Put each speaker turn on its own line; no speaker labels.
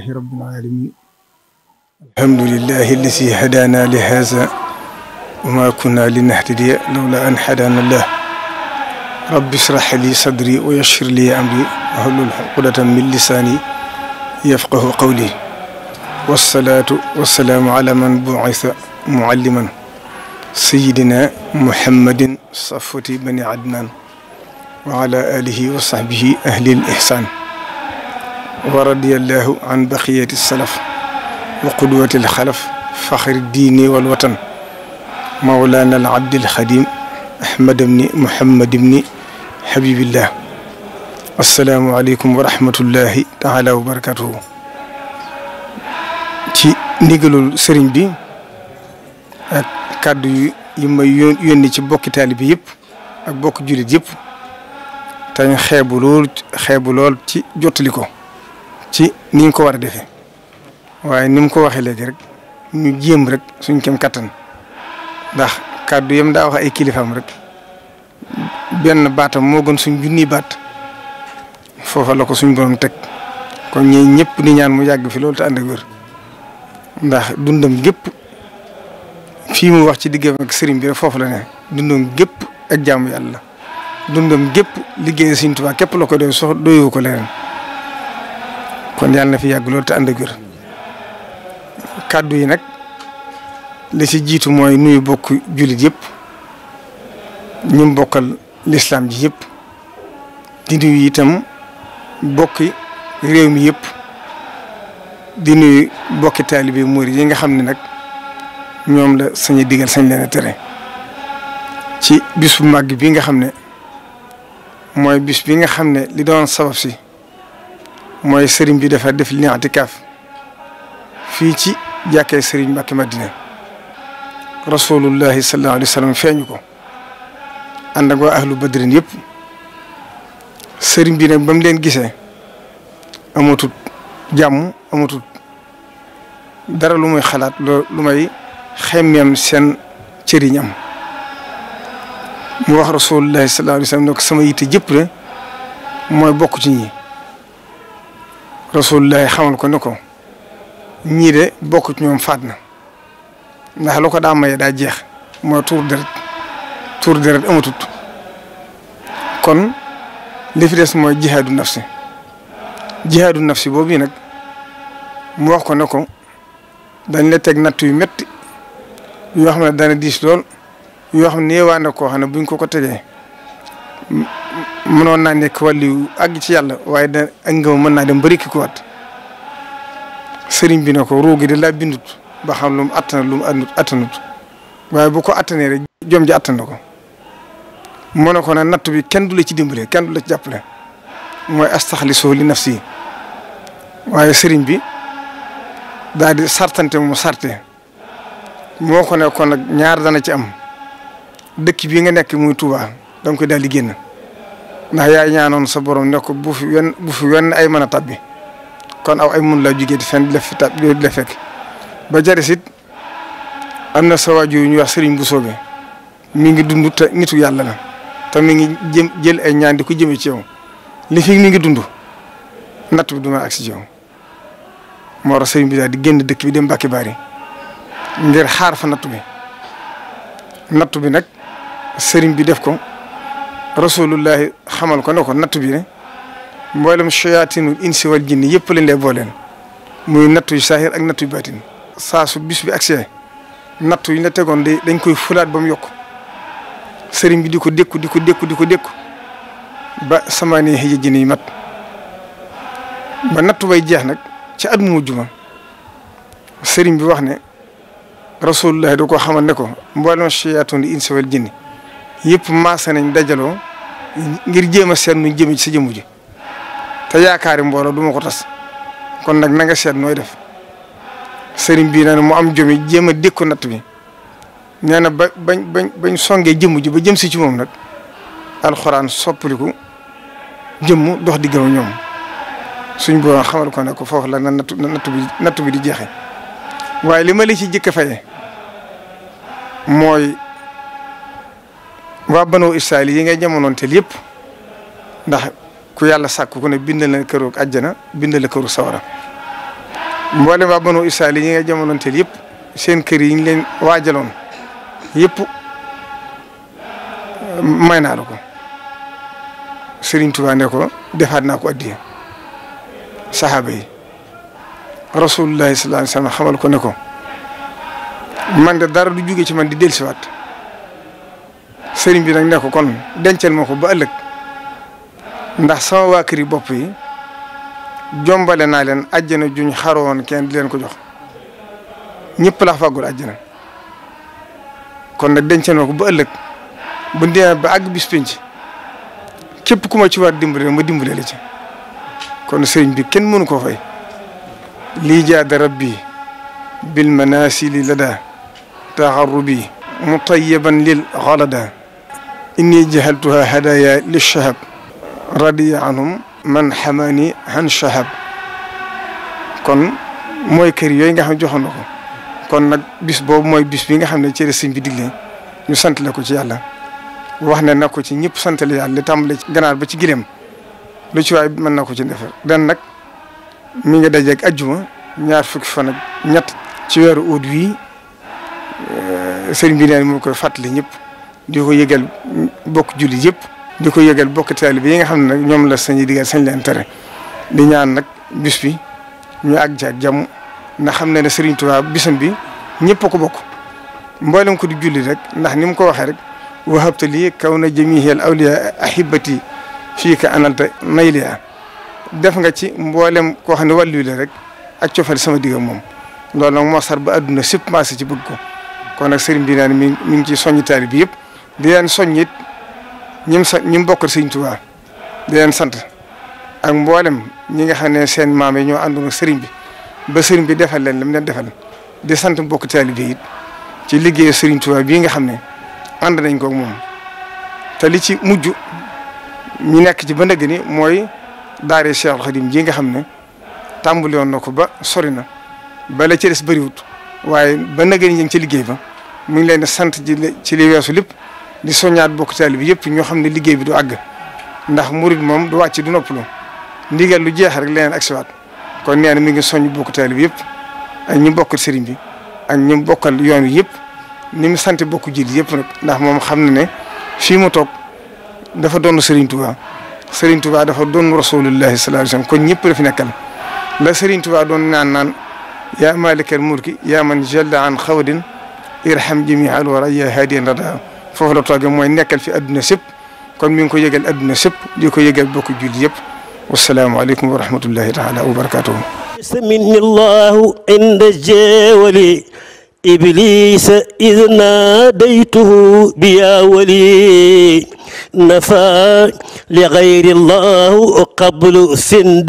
لله رب العالمين الحمد لله الذي هدانا لهذا وما كنا لنهتدي لولا أن هدانا الله رب اشرح لي صدري ويسر لي أمري واحلل عقدة من لساني يفقه قولي والصلاة والسلام على من بعث معلما سيدنا محمد صفوة بني عدنان وعلى آله وصحبه أهل الإحسان wa radiyallahu an baqiyati salaf wa qudwati alxalaf faxri diini wal watan mawlana al abdil xadim ahmad ibni muhammad ibni habibillah assalaamu aleykum wa rahmatullahi taala wa barakatuhu ci ndigalul sëriñ bi ak kàddu yu yi may yónni ci bokki taalibe yëpp ak bokki jullit yëpp te ñu xeebu lool xeebu lool ci jottali ko ci ni ñu ko war a defee waaye ni mu ko waxee léegi rek ñu jéem rek suñ kem kattan ndax kàddu yam daa wax ay kilifaam rek benn baatam moo gën suñ junni baat foofa la ko suñ borom teg kon ñee ñëpp di ñaan mu yàgg fi loolu te ànd ak wér ndax dundam gépp fii mu wax ci liggéey ak sëriñ bi foofu la ne dundam gépp ak jaamu yàlla dundam gépp liggéey Sëriñ Tuubaa képp la ko doy sox doyoo ko leneen kon yàlla na fi yàgg loolu te ànd ak kàddu yi nag li si jiitu mooy nuyu bokk jullit yëpp ñu bokkal lislaam ji yëpp di nuyu itam bokki réew mi yëpp di nuyu bokki taalibe murid yi nga xam ne nag ñoom la sañ a sañ leen tere ci bis bu màgg bi nga xam ne mooy bis bi nga xam ne li doon sabab si mooy sëriñ bi dafa def li i'tikaaf fii ci jàkkee sëriñ Mbàkke Madina rasulullahi sallallahu alayhi wa sallam feeñu ko ànd ak waa ahlu badrin yépp sëriñ bi nag ba leen gise amatut jàmm amatut dara lu muy xalaat loo lu may xemmeem seen cëriñam mu wax rasulullahi sallallahu alayhi wa sallam ne ko sama yitte jëpp la mooy bokk ci ñi rasulullah xamal ko ne ko ñii de bokk ci ñoom faat na ndax lu ko daa maye daa jeex mooy tuur deret tuur deret amatut kon li fi des mooy jihaadu nafsi jihaadu nafsi boobu nag mu wax ko ne ko dañ la teg natt yu métti yoo xam ne dana diis lool yoo xam ne yeewaan na xam ne buñ ko ko tegee mënoon naa nekk wàllu àgg ci yàlla waaye da ak mën naa dem bëri ki ko wat sëriñ bi ne ko roogi de laa bindut ba xam lu mu attana lu mu attanut waaye bu ko attanee rek jom ji ko mu ne natt bi kenn du la ci dimbale kenn la jàppale mooy astaxlisoo li nafsi waaye sëriñ bi daal di sartante mu sarte moo ko ne kon nag ñaar dana ci am dëkk bii nga nekk muy tuba da nga koy daal di génn ndax yaa ñaanoon sa borom ne ko bu fi wenn bu wenn ay mën a tabbi kon aw ay mun laa jugee di fenn di la fi tab di la fekk ba jaris it am na sa waajur ñu wax Serigne Bousso bi mi ngi dund te nitu yàlla la te mi ngi jëm jël ay ñaan ko jëmee ci yow li fi mi ngi dund nattu bi duma ma agsi ci moo tax Serigne bi daal di génn dëkk bi dem Mbàkke Bari ngir xaar fa natt bi nattu bi nag Serigne bi def ko rasulullahi xamal ko ne ko natt bi ne mboolem shayaatinu insi wal jinni yëpp lañ lay booleen muy nattu yu saahir ak nattu yu baatin saa su bis bi agsee nattu yi ne tegoon de dañ koy fulaat ba mu yokk sëriñ bi di ko dékku di ko dékku di ko dékku ba samaani xëy jinni yi mat ba nattu bay jeex nag ci at mu mujj ma sëriñ bi wax ne rasulullah da ko xamal ne ko mboolem shayaatinu insi wal jinni yëpp maase nañ dajaloo. ngir jéem a seet nu jëme ci sa ji te yaakaari mbooloo duma ma ko tas kon nag na nga seet nooy def sëriñ bii nee na mu am jëmi jéem a dékku natt bi nee na ba bañ songee jëmm ji ba jëm si ci moom nag alxuraan soppaliku jëmm dox diggaw ñoom suñ boroom xamal ko ne ko foofu la na nattu nattu bi nattu bi di jeexe waaye li ma la ci faye mooy waa banu Israayil yi ngay jamonoonteel yëpp ndax ku yàlla sàkk ku ne bind na këru àjjana bind la këru sawara mboolem waa banu Israayil yi ngay jamonoonteel yëpp seen kër yi ñu leen waajaloon yëpp may naa la ko Serigne ko defaat naa ko addiya saxaaba yi rasulullahi sallallahu alayhi wa sallam xamal ko ne ko man de dara du jóge ci man di dellusiwaat. sëriñ bi nag ne ko kon dencal ma ko ba ëllëg ndax sama waa kër bopp yi jombale naa leen àjjana juñ xaroon kenn di leen ko jox ñëpp laa fàggul àjjana kon nag dencal ma ko ba ëllëg bu demee ba àgg bis penc képp ku ma ci war dimbale ma dimbale la ci kon sëriñ bi kenn mënu koo fay lii jaada rabbi bil manasili lada taxarrubi mutayiban lil da inni jahaltuha hadaya lilchahab radiya anhum man xamaani han chahab kon mooy kër yooyu nga xam ne joxoon ko kon nag bis boobu mooy bis bi nga xam ne ci la sëñ bi digle ñu sant la ko ci yàlla wax ne nag ko ci ñëpp sant la yàlla le tàmbale ci ganaar ba ci gileem lu ci waay mën na ko ci defar dan nag mi ngi dajeeg ajjuma ñaar fukki fan ñett ci weeru ut wii eh, sëriñ bi neen moo koy fàttali ñëpp di ko yëgal bokk julli yëpp. di ko yëgal bokk taalibe yi nga xam ne nag ñoom la sañuy digal sañ leen tere di ñaan nag bis bi ñu àgg ci ak jàmm ndax xam ne ne Serigne Touba bisam bi ñëpp a ko bokk mboolem ko di julli rek ndax ni mu ko waxee rek wahabta lii kaw na jamihil awliya ahibati fii ka ananta nayliya def nga ci mboolem ko xam ne wàllu la rek ak cofale sama digga moom loolu nag moo sar ba àdduna sépp maase ci bëgg ko kon nag sëriñ bi naan mi mi ngi ciy soññ bi yëpp di leen soññit ñim sa ñi mu bokkal di leen sant ak mboolem ñi nga xam ne seen maam yi ñoo àndoon ak sëriñ bi ba sëriñ bi defal leen li mu leen defal di sant mbokk taalibe yi ci liggéey sëriñ Tuubaa bii nga xam ne ànd nañ kook moom te li ci mujj ñu nekk ci ba ndëgg mooy daare Cheikh Khadim ji nga xam ne tàmbali woon na ko ba sori na ba la ci des bëriwut waaye ba ndëgg ni ñu ngi ci liggéey ba mu ngi leen di sant ci li weesu lépp di soññaat bokk taalibe bi yëpp ñoo xam ne liggéey bi du àgg ndax murit moom du wàcc du noppalu ndigal lu jeex rek leneen ak siwaat kon nee ne mi ngi soññ bokk taalibe bi yëpp ak ñu bokkal sëriñ bi ak ñu bokkal yoon wi yëpp ni mu sant bokk jiit yëpp nag ndax moom xam na ne fii mu toog dafa doon sëriñ Tuubaa sëriñ Tuubaa dafa doon rasulullahi sallallahu alayhi ñëpp la fi nekkal la sëriñ Tuubaa doon naan naan yaa malikal mulki yaa man jalla an xawdin irham jami'al wara yaa hadiyan radaa foofu la toogee mooy nekkal fi adduna sëpp kon mi ngi ko yëgal adduna sëpp di ko yëgal bokk julli yëpp wasalaamualeykum wa rahmatullahi taala wa barakatuhu samini llahu inda jeewali iblisa id naadaytuhu biya wali nafa li gayri llahu qablu sinda